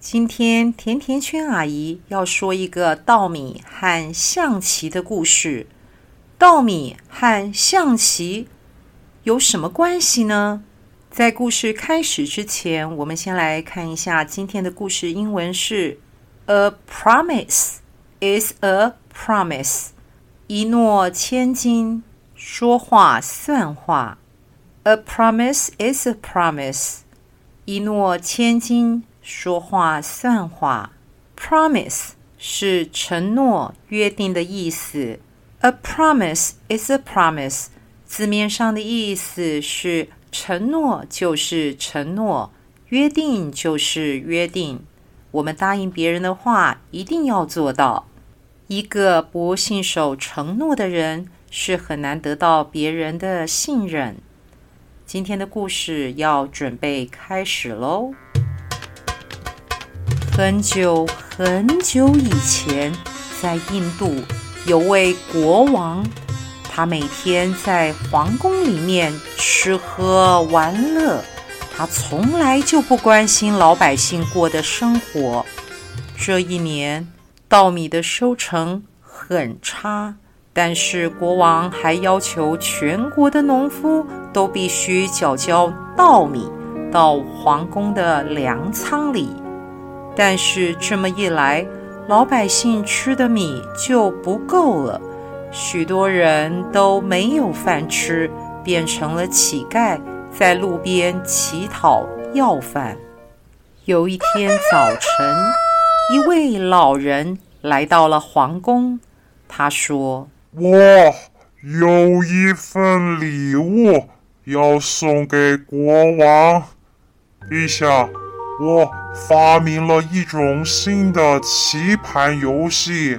今天甜甜圈阿姨要說一個稻米和象棋的故事。稻米和象棋有什麼關係呢？在故事開始之前，我們先來看一下今天的故事。英文是 "A promise is a promise"，一諾千金，說話算話。"A promise is a promise"，一諾千金。說話算話，Promise 是承諾、約定的意思。A promise is a promise，字面上的意思是承諾就是承諾，約定就是約定。我們答應別人的話一定要做到。一個不信守承諾的人是很難得到別人的信任。今天的故事要準備開始嘍。很久很久以前，在印度有位國王，他每天在皇宮裡面吃喝玩樂，他從來就不關心老百姓過的生活。這一年稻米的收成很差，但是國王還要求全國的農夫都必須繳交稻米到皇宮的糧倉裡。但是這麼一來，老百姓吃的米就不夠了，許多人都沒有飯吃，變成了乞丐，在路邊乞討要飯。有一天早晨，一位老人來到了皇宮，他說：“我有一份禮物要送給國王陛下。”我發明了一種新的棋盤遊戲，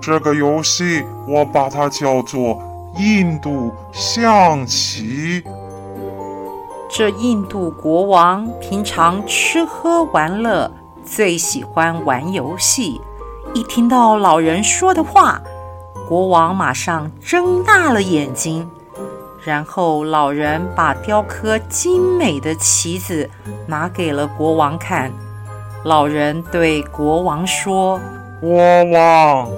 這個遊戲我把它叫做印度象棋。這印度國王平常吃喝玩樂，最喜歡玩遊戲，一聽到老人說的話，國王馬上睜大了眼睛。然後，老人把雕刻精美的棋子拿給了國王看。老人對國王說：“國王，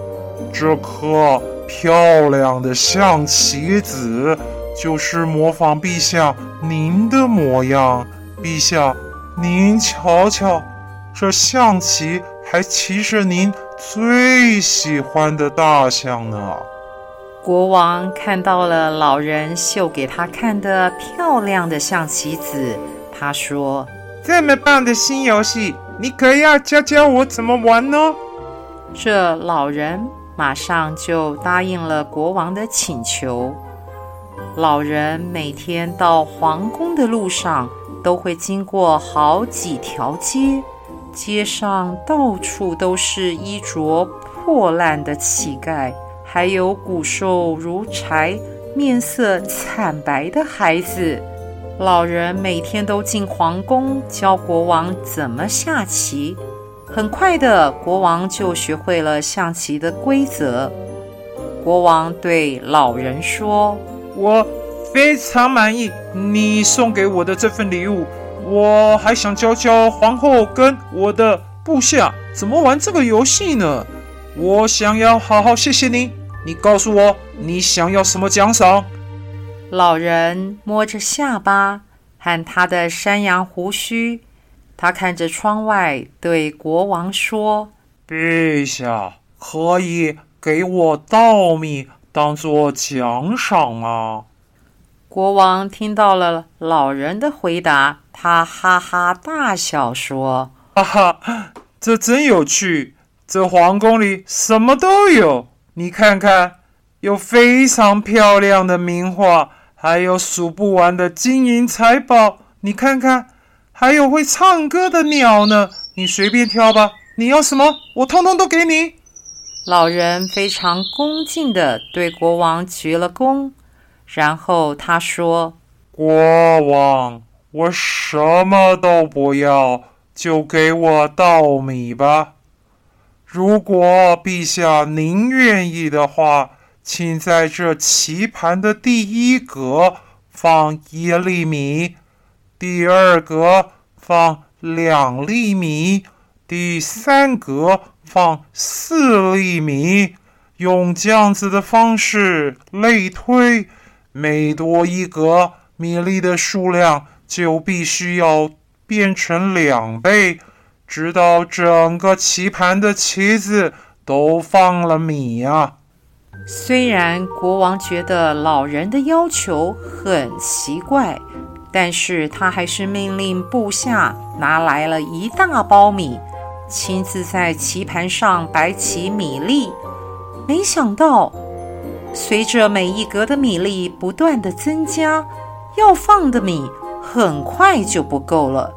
這顆漂亮的象棋子就是模仿陛下您的模樣。陛下，您瞧瞧，這象棋還騎着您最喜歡的大象呢，啊。”國王看到了老人秀給他看的漂亮的象棋子，他說：“這麼棒的新遊戲，你可要教教我怎麼玩呢？”這老人馬上就答應了國王的請求。老人每天到皇宮的路上都會經過好幾條街，街上到處都是衣着破爛的乞丐。還有骨瘦如柴、面色慘白的孩子。老人每天都進皇宮教國王怎麼下棋。很快的，國王就學會了象棋的規則。國王對老人說：“我非常滿意你送給我的這份禮物。我還想教教皇後跟我的部下怎麼玩這個遊戲呢。我想要好好謝謝你。”你告訴我，你想要什麼獎賞？老人摸着下巴，和他的山羊鬍鬚，他看着窗外，對國王說：“陛下，可以給我稻米當做獎賞嗎？”國王聽到了老人的回答，他哈哈大笑說：“哈哈，這真有趣，這皇宮裡什麼都有。”你看看，有非常漂亮的名畫，還有數不完的金銀財寶。你看看，還有會唱歌的鳥呢。你隨便挑吧，你要什麼，我通通都給你。老人非常恭敬地對國王鞠了躬，然後他說：“國王，我什麼都不要，就給我稻米吧。”如果陛下您願意的話，請在這棋盤的第一格放一粒米，第二格放兩粒米，第三格放四粒米，用這樣子的方式類推，每多一格，米粒的數量就必須要變成兩倍。直到整個棋盤的棋子都放了米啊！雖然國王覺得老人的要求很奇怪，但是他還是命令部下拿來了一大包米，親自在棋盤上擺起米粒。沒想到，隨着每一格的米粒不斷的增加，要放的米很快就不夠了。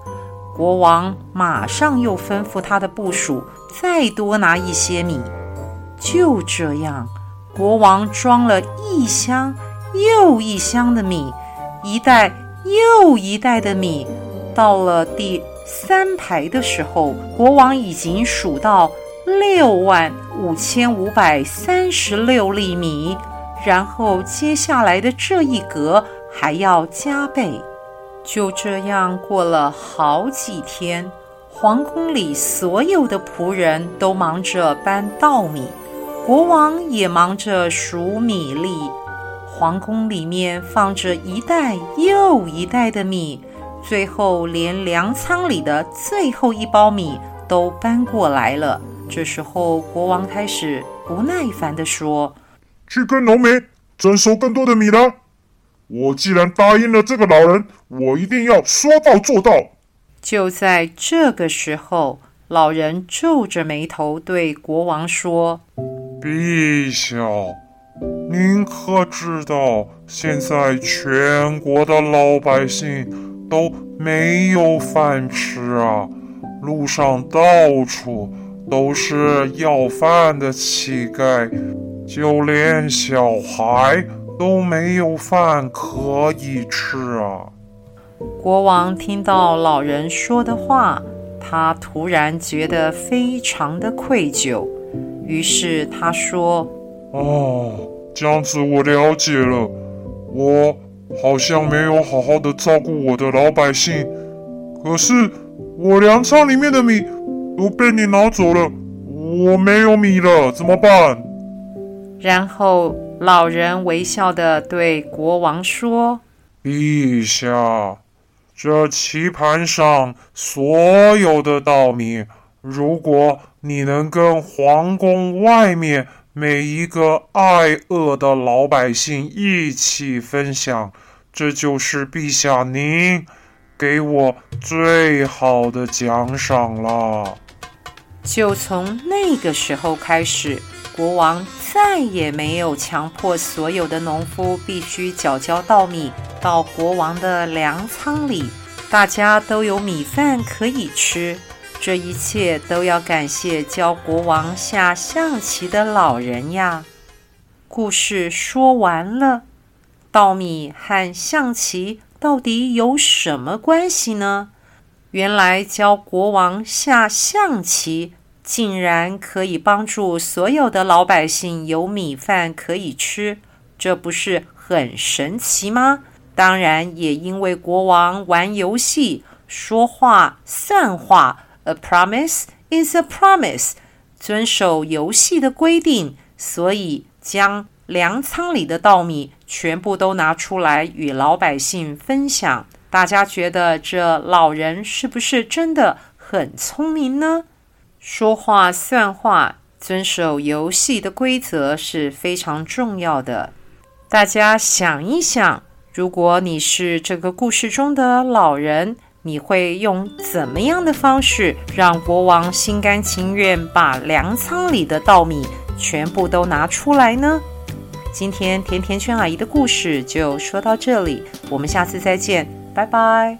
國王馬上又吩咐他的部屬再多拿一些米。就這樣，國王裝了一箱又一箱的米，一袋又一袋的米。到了第三排的時候，國王已經數到六萬五千五百三十六粒米。然後，接下來的這一格還要加倍。就這樣過了好幾天，皇宮裡所有的僕人都忙着搬稻米，國王也忙着數米粒。皇宮裡面放着一袋又一袋的米，最後連糧倉裡的最後一包米都搬過來了。這時候，國王開始不耐煩地說：“去跟農民徵收更多的米了。”我既然答應了這個老人，我一定要說到做到。就在這個時候，老人皺着眉頭對國王說：“陛下，您可知道，現在全國的老百姓都沒有飯吃啊！路上到處都是要飯的乞丐，就連小孩。”都沒有飯可以吃啊！國王聽到老人說的話，他突然覺得非常的愧疚，於是他說：“哦，這樣子，我了解了，我好像沒有好好的照顧我的老百姓。可是我糧倉裡面的米都被你拿走了，我沒有米了，怎麼辦？”然後，老人微笑地對國王說：“陛下，這棋盤上所有的稻米，如果你能跟皇宮外面每一個挨餓的老百姓一起分享，這就是陛下您給我最好的獎賞了。”就從那個時候開始，國王再也沒有強迫所有的農夫必須繳交稻米到國王的糧倉裡，大家都有米飯可以吃。這一切都要感謝教國王下象棋的老人呀。故事說完了，稻米和象棋到底有什麼關係呢？原來教國王下象棋。竟然可以幫助所有的老百姓有米飯可以吃，這不是很神奇嗎？當然，也因為國王玩遊戲、說話算話，A promise is a promise，遵守遊戲的規定，所以將糧倉裡的稻米全部都拿出來與老百姓分享。大家覺得這老人是不是真的很聰明呢？說話算話，遵守遊戲的規則是非常重要的。大家想一想，如果你是這個故事中的老人，你會用怎麼樣的方式讓國王心甘情願把糧倉裡的稻米全部都拿出來呢？今天甜甜圈阿姨的故事就說到這裡，我們下次再見，拜拜。